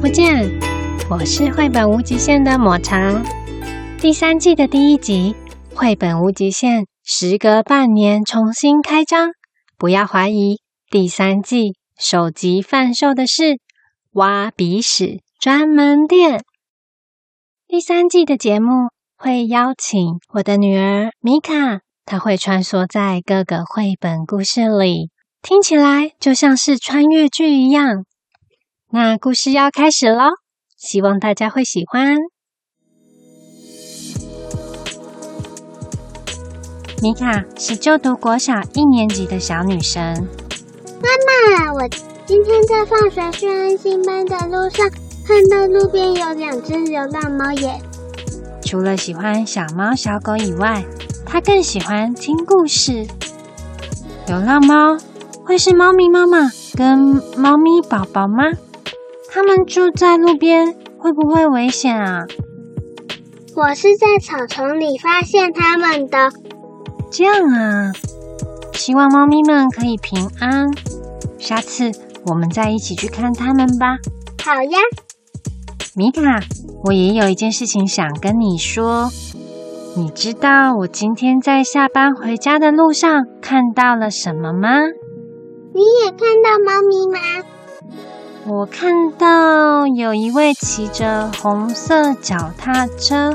不見，我是繪本無極限的抹茶，第三季的第一集。繪本無極限時隔半年重新開張，不要懷疑，第三季首集販售的是挖鼻屎專門店。第三季的節目會邀請我的女兒米卡，她會穿梭在各個繪本故事裡，聽起來就像是穿越劇一樣。那故事要開始嘍，希望大家會喜歡。米卡是就讀國小一年級的小女生。媽媽，我今天在放學去安親班的路上，看到路邊有兩隻流浪貓耶。除了喜歡小貓小狗以外，她更喜歡聽故事。流浪貓會是貓咪媽媽跟貓咪寶寶嗎？他們住在路邊，會不會危險啊？我是在草叢裡發現他們的。這樣啊，希望貓咪們可以平安。下次我們再一起去看他們吧。好呀，米卡，我也有一件事情想跟你說。你知道我今天在下班回家的路上看到了什麼嗎？你也看到貓咪嗎？我看到有一位騎着紅色腳踏車、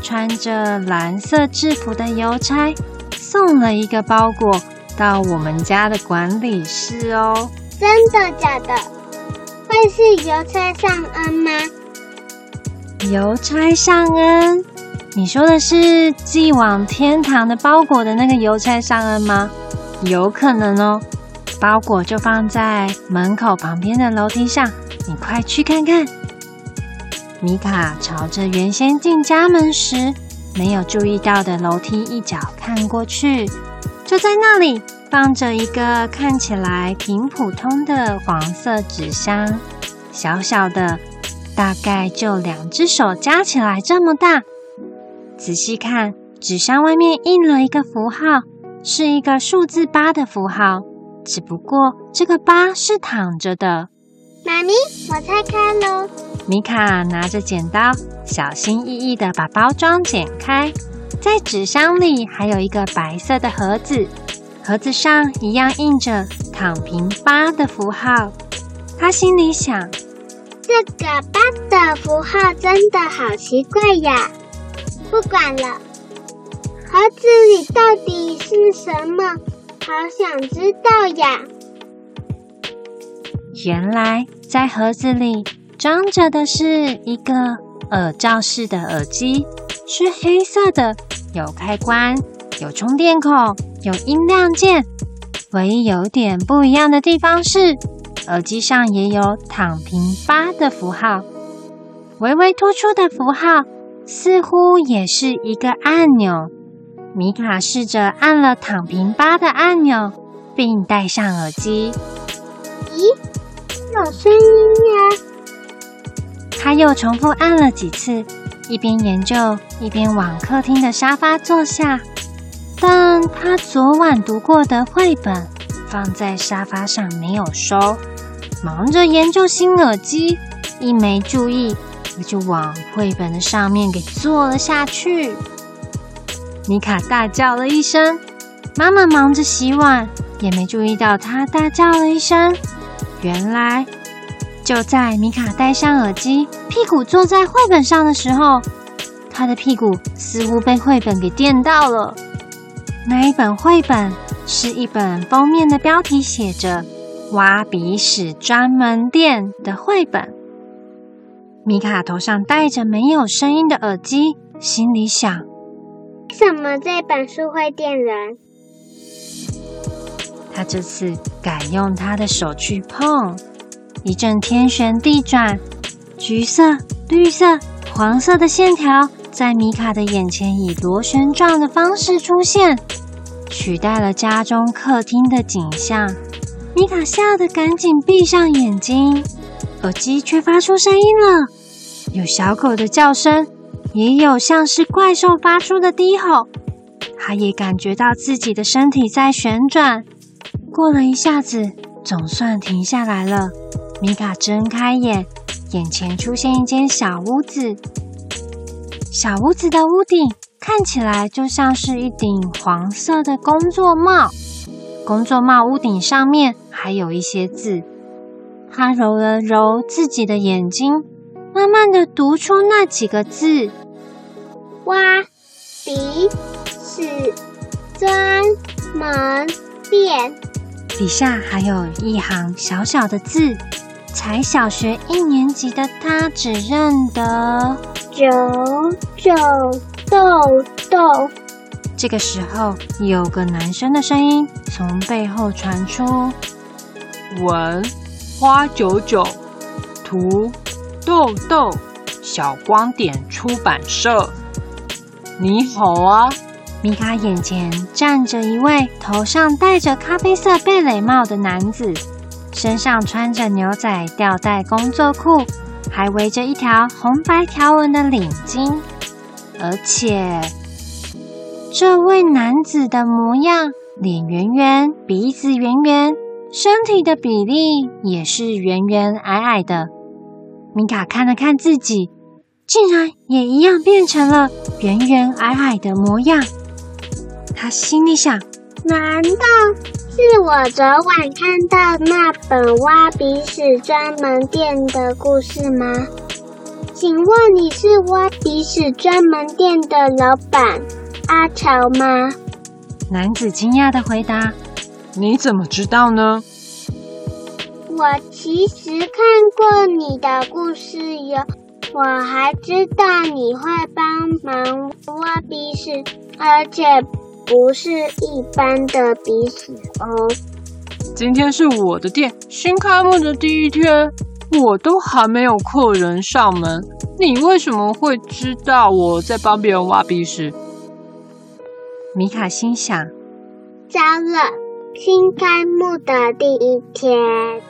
穿着藍色制服的郵差，送了一個包裹到我們家的管理室哦。真的假的？會是郵差尚恩嗎？郵差尚恩？你說的是寄往天堂的包裹的那個郵差尚恩嗎？有可能哦。包裹就放在門口旁邊的樓梯上，你快去看看。米卡朝着原先進家門時沒有注意到的樓梯一角看過去，就在那裡放着一個看起來挺普通的黃色紙箱，小小的，大概就兩隻手加起來這麼大。仔細看，紙箱外面印了一個符號，是一個數字八的符號。只不過這個八是躺着的。媽咪，我拆開咯。米卡拿着剪刀，小心翼翼的把包裝剪開，在紙箱裡還有一個白色的盒子，盒子上一樣印着躺平八的符號。他心裡想：這個八的符號真的好奇怪呀。不管了，盒子裡到底是什麼？好想知道呀！原來在盒子裡裝着的是一個耳罩式的耳機，是黑色的，有開關、有充電孔、有音量鍵。唯一有點不一樣的地方是，耳機上也有“躺平吧”的符號，微微突出的符號似乎也是一個按鈕。米卡試着按了躺平吧的按鈕，並戴上耳機。咦，有聲音呀！他又重複按了幾次，一邊研究，一邊往客廳的沙發坐下。但他昨晚讀過的繪本放在沙發上沒有收，忙着研究新耳機，一沒注意，我就往繪本的上面給坐了下去。米卡大叫了一聲，媽媽忙着洗碗也沒注意到他大叫了一聲。原來，就在米卡戴上耳機、屁股坐在繪本上的時候，他的屁股似乎被繪本給電到了。那一本繪本是一本封面的標題寫着“挖鼻屎專門店”的繪本。米卡頭上戴着沒有聲音的耳機，心裡想。為什麼這本書會電人？他這次改用他的手去碰，一陣天旋地轉，橘色、綠色、黃色的線條在米卡的眼前以螺旋狀的方式出現，取代了家中客廳的景象。米卡嚇得趕緊閉上眼睛，耳機卻發出聲音了，有小狗的叫聲。也有像是怪獸發出的低吼，他也感覺到自己的身體在旋轉。過了一下子，總算停下來了。米卡睜開眼，眼前出現一間小屋子。小屋子的屋頂看起來就像是一頂黃色的工作帽。工作帽屋頂上面還有一些字。他揉了揉自己的眼睛，慢慢的讀出那幾個字。挖鼻屎專門店。底下還有一行小小的字，才小學一年級的他只認得“九九豆豆”豆。這個時候，有個男生的聲音從背後傳出：“文錵九九圖豆豆，小光點出版社。”你好啊，米卡！眼前站着一位頭上戴着咖啡色貝雷帽的男子，身上穿着牛仔吊帶工作褲，還圍着一條紅白條紋的領巾。而且，這位男子的模樣，臉圓圓，鼻子圓圓，身體的比例也是圓圓矮矮的。米卡看了看自己，竟然也一樣變成了圓圓矮矮的模樣。他心裡想：難道是我昨晚看到那本挖鼻屎專門店的故事嗎？請問你是挖鼻屎專門店的老闆阿潮嗎？男子驚訝地回答：“你怎麼知道呢？”我其實看過你的故事喲。我還知道你會幫忙挖鼻屎，而且不是一般的鼻屎哦。今天是我的店新開幕的第一天，我都還沒有客人上門，你為什麼會知道我在幫別人挖鼻屎？米卡心想：糟了。新開幕的第一天，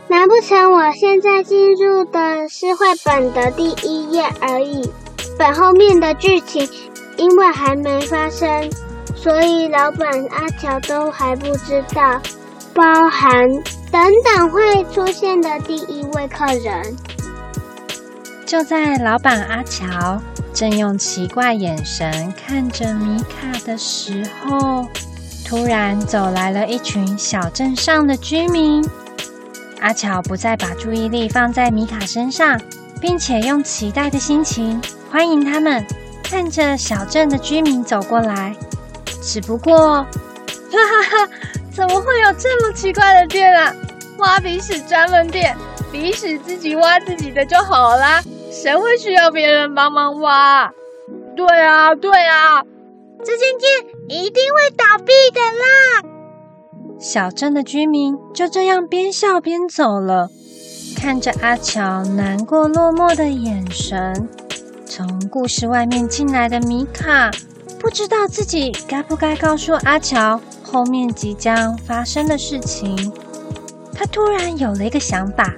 難不成我現在進入的是繪本的第一頁而已？本後面的劇情因為還沒發生，所以老板阿喬都還不知道，包含等等會出現的第一位客人。就在老板阿喬正用奇怪眼神看着米卡的時候。突然走來了一群小鎮上的居民，阿巧不再把注意力放在米卡身上，並且用期待的心情歡迎他們。看着小鎮的居民走過來，只不過，哈哈哈，怎麼會有這麼奇怪的店啊？挖鼻屎專門店，鼻屎自己挖自己的就好啦，誰會需要別人幫忙挖？對啊，對啊，這間店。一定會倒閉的啦！小鎮的居民就這樣邊笑邊走了。看着阿喬難過落寞的眼神，從故事外面進來的米卡不知道自己該不該告訴阿喬後面即將發生的事情。他突然有了一個想法，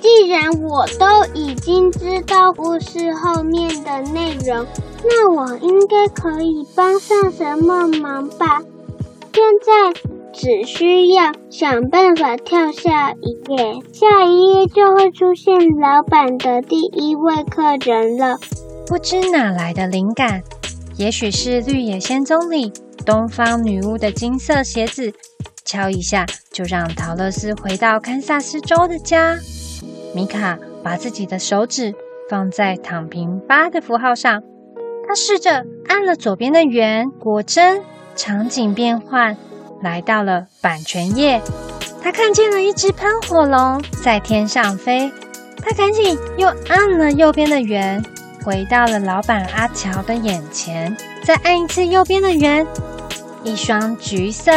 既然我都已經知道故事後面的內容。那我應該可以幫上什麼忙吧？現在只需要想辦法跳下一頁，下一頁就會出現老板的第一位客人了。不知哪來的靈感，也許是《綠野仙蹤》裡東方女巫的金色鞋子，敲一下就讓桃樂絲回到堪薩斯州的家。米卡把自己的手指放在躺平八的符號上。他試着按了左邊的圓，果真場景變換，來到了版權頁。他看見了一只噴火龍在天上飛。他趕緊又按了右邊的圓，回到了老板阿喬的眼前。再按一次右邊的圓，一雙橘色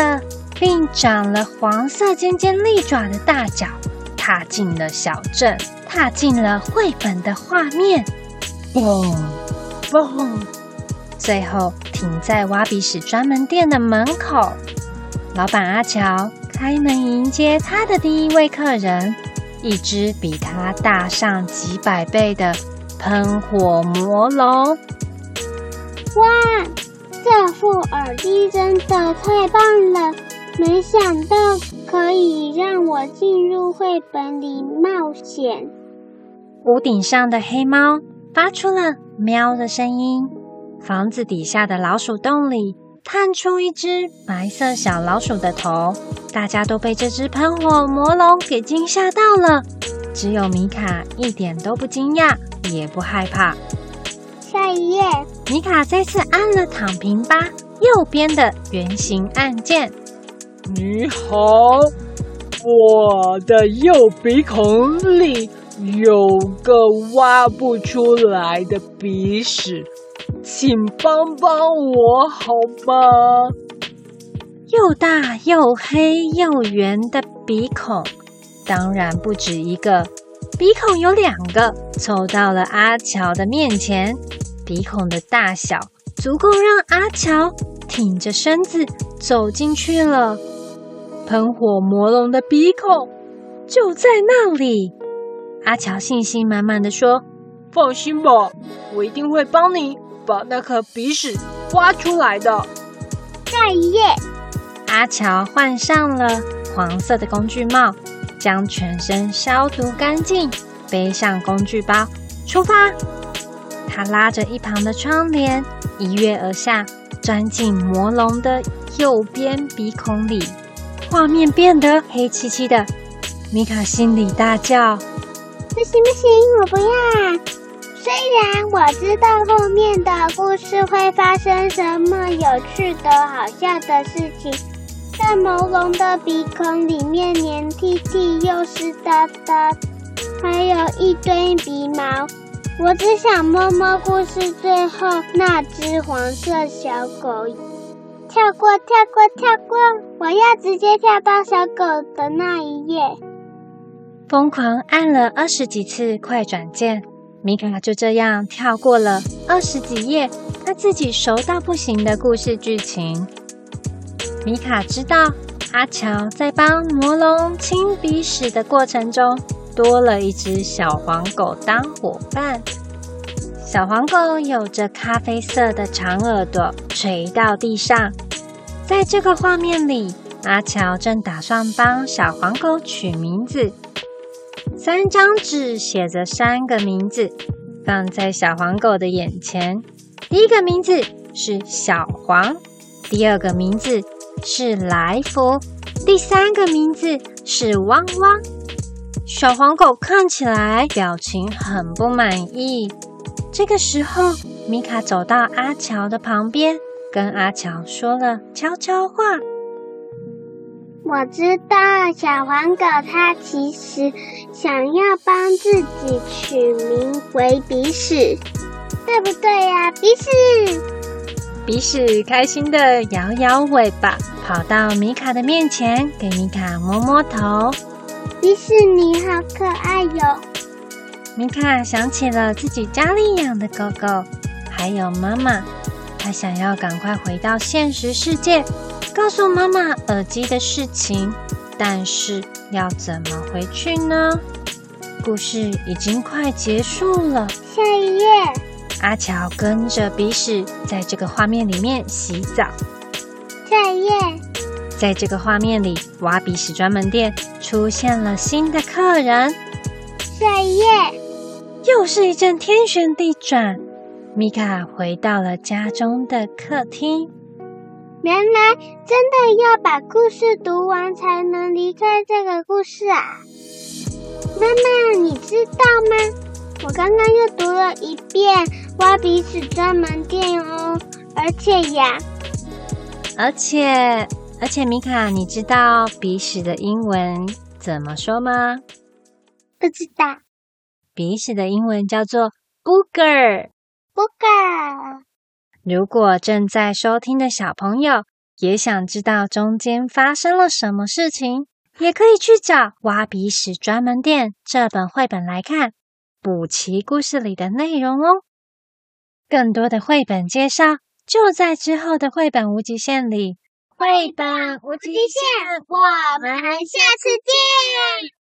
並長了黃色尖尖利爪的大腳踏進了小鎮，踏進了繪本的畫面。哇、嗯！最後停在挖鼻屎專門店的門口，老板阿喬開門迎接他的第一位客人——一隻比他大上幾百倍的噴火魔龍。哇，這副耳機真的太棒了！沒想到可以讓我進入繪本裡冒險。屋頂上的黑貓。發出了喵的聲音，房子底下的老鼠洞裡探出一隻白色小老鼠的頭，大家都被這隻噴火魔龍給驚嚇到了，只有米卡一點都不驚訝，也不害怕。下一頁，米卡再次按了躺平吧右邊的圓形按鍵。你好，我的右鼻孔裡，有個挖不出來的鼻屎，請幫幫我好嗎？又大又黑又圓的鼻孔，當然不止一個，鼻孔有兩個，湊到了阿喬的面前。鼻孔的大小足夠讓阿喬挺着身子走進去了。噴火魔龍的鼻孔就在那裡。阿喬信心滿滿地說：“放心吧，我一定會幫你把那顆鼻屎挖出來的。”下一頁，阿喬換上了黃色的工具帽，將全身消毒乾淨，背上工具包，出發。他拉着一旁的窗簾，一躍而下，鑽進魔龍的右邊鼻孔裡。畫面變得黑漆漆的，米卡心裡大叫。行不行？我不要啊，雖然我知道後面的故事會發生什麼有趣的、好笑的事情，在朦朧的鼻孔裡面黏涕涕又濕噠噠，還有一堆鼻毛。我只想摸摸故事最後那隻黃色小狗。跳過，跳過，跳過！我要直接跳到小狗的那一頁。瘋狂按了二十幾次快轉鍵，米卡就這樣跳過了二十幾頁他自己熟到不行的故事劇情。米卡知道，阿喬在幫魔龍清鼻屎的過程中，多了一只小黃狗當夥伴。小黃狗有着咖啡色的長耳朵垂到地上，在這個畫面裡，阿喬正打算幫小黃狗取名字。三張紙寫着三個名字，放在小黃狗的眼前。第一個名字是小黃，第二個名字是來福，第三個名字是汪汪。小黃狗看起來表情很不滿意。這個時候，米卡走到阿喬的旁邊，跟阿喬說了悄悄話。我知道小黃狗它其實想要幫自己取名為鼻屎，對不對呀、啊？鼻屎，鼻屎開心的搖搖尾巴，跑到米卡的面前，給米卡摸摸頭。鼻屎你好可愛喲！米卡想起了自己家裡養的狗狗，還有媽媽，他想要趕快回到現實世界，告訴媽媽耳機的事情，但是要怎麼回去呢？故事已經快結束了。下一頁，阿喬跟着鼻屎在這個畫面裡面洗澡。下一頁，在這個畫面裡，挖鼻屎專門店出現了新的客人。下一頁，又是一陣天旋地轉。米卡回到了家中的客廳。原來真的要把故事讀完才能離開這個故事啊！媽媽，你知道嗎？我剛剛又讀了一遍“挖鼻屎專門店”哦，而且呀，而且而且，米卡，你知道鼻屎的英文怎麼說嗎？不知道。鼻屎的英文叫做 “Booger”。Booger。如果正在收聽的小朋友也想知道中間發生了什麼事情，也可以去找《挖鼻屎專門店》這本繪本來看，補齊故事裡的內容哦。更多的繪本介紹就在之後的《繪本無極限》裡，《繪本無極限》，我們下次見。